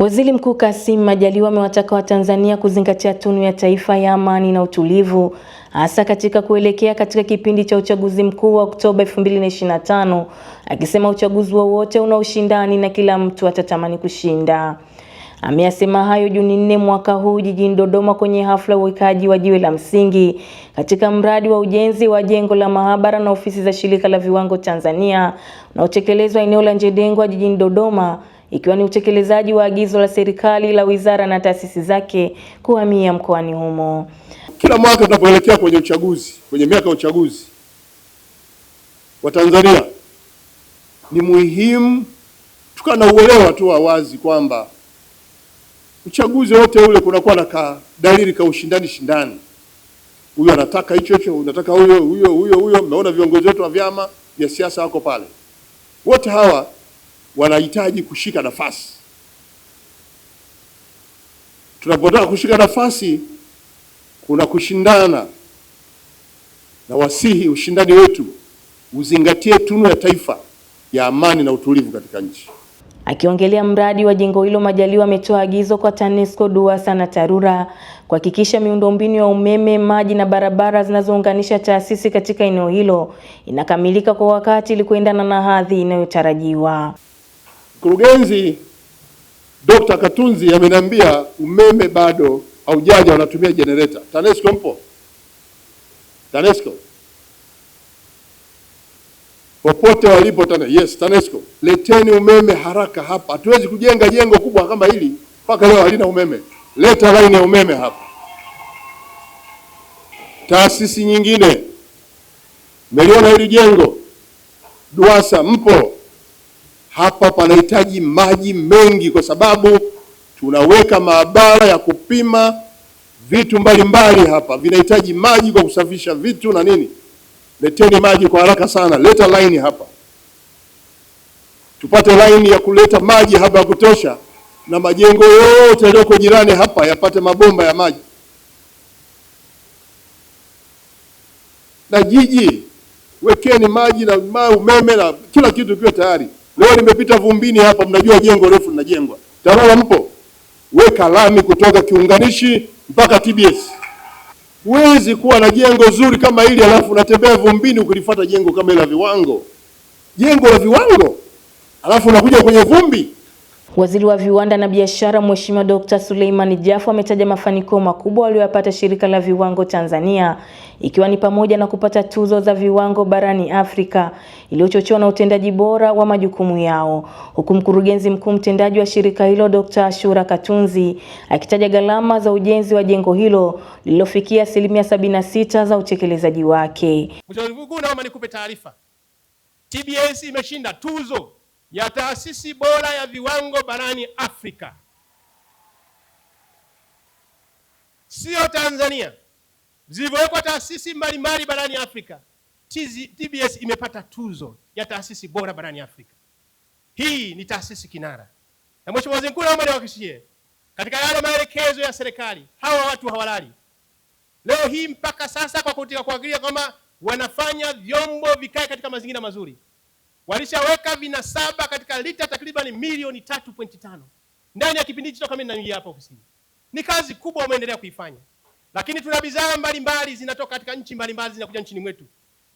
Waziri Mkuu Kassim Majaliwa amewataka Watanzania kuzingatia tunu ya taifa ya amani na utulivu hasa katika kuelekea katika kipindi cha uchaguzi mkuu wa Oktoba 2025, akisema uchaguzi wowote una ushindani na kila mtu atatamani kushinda. Ameyasema hayo Juni nne mwaka huu jijini Dodoma kwenye hafla ya uwekaji wa jiwe la msingi katika mradi wa ujenzi wa jengo la maabara na ofisi za Shirika la Viwango Tanzania unaotekelezwa eneo la Njedengwa jijini Dodoma ikiwa ni utekelezaji wa agizo la serikali la wizara na taasisi zake kuhamia mkoani humo. Kila mwaka tunapoelekea kwenye uchaguzi, kwenye miaka ya uchaguzi, wa tanzania ni muhimu tukawa na uelewa tu wa wazi kwamba uchaguzi wote ule kunakuwa na ka dalili ka ushindani shindani, huyo anataka hicho hicho, unataka huyo huyo huyo huyo. Mmeona viongozi wetu wa vyama vya siasa wako pale, wote hawa wanahitaji kushika nafasi. Tunapotaka kushika nafasi, kuna kushindana, na wasihi ushindani wetu uzingatie tunu ya taifa ya amani na utulivu katika nchi. Akiongelea mradi wa jengo hilo, Majaliwa ametoa agizo kwa TANESCO, DUWASA na TARURA kuhakikisha miundombinu ya umeme, maji na barabara zinazounganisha taasisi katika eneo hilo inakamilika kwa wakati ili kuendana na hadhi inayotarajiwa. Mkurugenzi Dr. Katunzi ameniambia umeme bado haujaja, wanatumia generator. TANESCO mpo? TANESCO popote walipo tane. Yes, TANESCO leteni umeme haraka hapa. Hatuwezi kujenga jengo kubwa kama hili mpaka leo halina umeme. Leta laini ya umeme hapa. Taasisi nyingine, meliona hili jengo DUWASA mpo? Hapa panahitaji maji mengi, kwa sababu tunaweka maabara ya kupima vitu mbalimbali mbali. Hapa vinahitaji maji kwa kusafisha vitu na nini. Leteni maji kwa haraka sana, leta laini hapa, tupate laini ya kuleta maji hapa ya kutosha, na majengo yote yaliyoko jirani hapa yapate mabomba ya maji. Na jiji wekeni maji na umeme na kila kitu kiwe tayari. Leo nimepita Vumbini hapa, mnajua jengo refu linajengwa. TARURA mpo, weka lami kutoka kiunganishi mpaka TBS. Huwezi kuwa na jengo zuri kama hili alafu unatembea Vumbini ukilifuata jengo kama la viwango, jengo la viwango alafu unakuja kwenye vumbi. Waziri wa viwanda na biashara Mheshimiwa Dr. Suleiman Jafo ametaja mafanikio makubwa aliyoyapata shirika la viwango Tanzania ikiwa ni pamoja na kupata tuzo za viwango barani Afrika iliyochochewa na utendaji bora wa majukumu yao, huku mkurugenzi mkuu mtendaji wa shirika hilo Dr. Ashura Katunzi akitaja gharama za ujenzi wa jengo hilo lililofikia asilimia 76 za utekelezaji wake. Mheshimiwa, naomba nikupe taarifa, TBS imeshinda tuzo ya taasisi bora ya viwango barani Afrika, siyo Tanzania. Zilivyowekwa taasisi mbalimbali barani Afrika, TBS imepata tuzo ya taasisi bora barani Afrika. Hii ni taasisi kinara, na Mheshimiwa Waziri Mkuu, naomba niwahakikishie katika yale maelekezo ya serikali, hawa watu hawalali leo hii mpaka sasa, kwa kuangalia kwamba wanafanya vyombo vikae katika mazingira mazuri walishaweka vinasaba katika lita takriban milioni 3.5 ndani ya kipindi hicho, kama ninyi hapa ofisini. Ni kazi kubwa wameendelea kuifanya, lakini tuna bidhaa mbalimbali zinatoka katika nchi mbalimbali zinakuja nchini mwetu,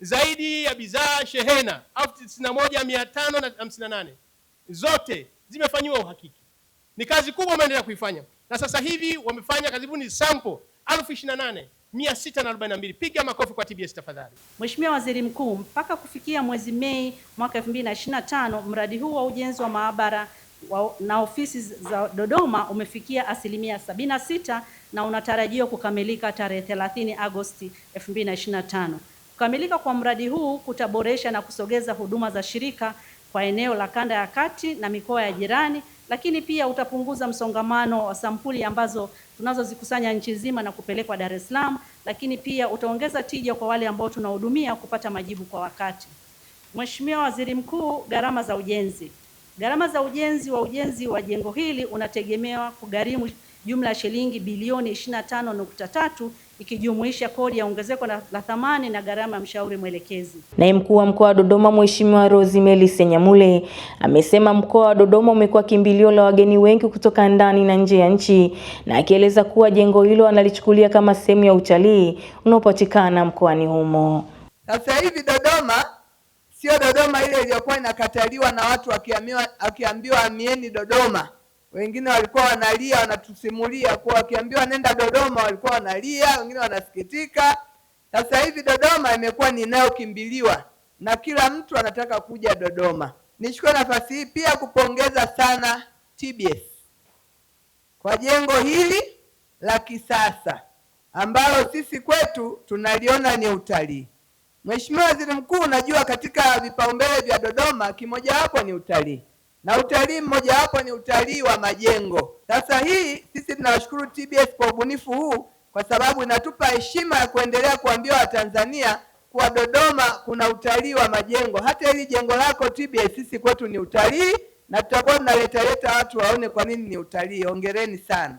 zaidi ya bidhaa shehena 91558 zote zimefanyiwa uhakiki. Ni kazi kubwa wameendelea kuifanya, na sasa hivi wamefanya karibuni sample elfu ishirini na nane 642. Piga makofi kwa TBS tafadhali. Mheshimiwa Waziri Mkuu, mpaka kufikia mwezi Mei mwaka 2025 mradi huu wa ujenzi wa maabara na ofisi za Dodoma umefikia asilimia 76 na unatarajiwa kukamilika tarehe 30 Agosti 2025. Kukamilika kwa mradi huu kutaboresha na kusogeza huduma za shirika kwa eneo la kanda ya kati na mikoa ya jirani lakini pia utapunguza msongamano wa sampuli ambazo tunazozikusanya nchi nzima na kupelekwa Dar es Salaam, lakini pia utaongeza tija kwa wale ambao tunahudumia kupata majibu kwa wakati. Mheshimiwa Waziri Mkuu, gharama za ujenzi. Gharama za ujenzi wa ujenzi wa jengo hili unategemewa kugharimu jumla ya shilingi bilioni 25.3 ikijumuisha kodi ya ongezeko la thamani na gharama ya mshauri mwelekezi. Naye mkuu wa mkoa wa Dodoma Mheshimiwa meli Senyamule amesema mkoa wa Dodoma umekuwa kimbilio la wageni wengi kutoka ndani na nje ya nchi, na akieleza kuwa jengo hilo analichukulia kama sehemu ya utalii unaopatikana mkoani humo. Sasa hivi Dodoma sio Dodoma ile iliyokuwa inakataliwa na watu wakiambiwa, akiambiwa amieni Dodoma wengine walikuwa wanalia, wanatusimulia kuwa wakiambiwa nenda Dodoma walikuwa wanalia, wengine wanasikitika. Sasa hivi Dodoma imekuwa ni inayokimbiliwa na kila mtu anataka kuja Dodoma. Nichukue nafasi hii pia kupongeza sana TBS kwa jengo hili la kisasa ambalo sisi kwetu tunaliona ni utalii. Mheshimiwa Waziri Mkuu, unajua katika vipaumbele vya Dodoma kimojawapo ni utalii na utalii mmojawapo ni utalii wa majengo. Sasa hii sisi tunawashukuru TBS kwa ubunifu huu, kwa sababu inatupa heshima ya kuendelea kuambia Watanzania kuwa Dodoma kuna utalii wa majengo. Hata hili jengo lako TBS sisi kwetu ni utalii, na tutakuwa tunaletaleta watu waone kwa nini ni utalii. Hongereni sana.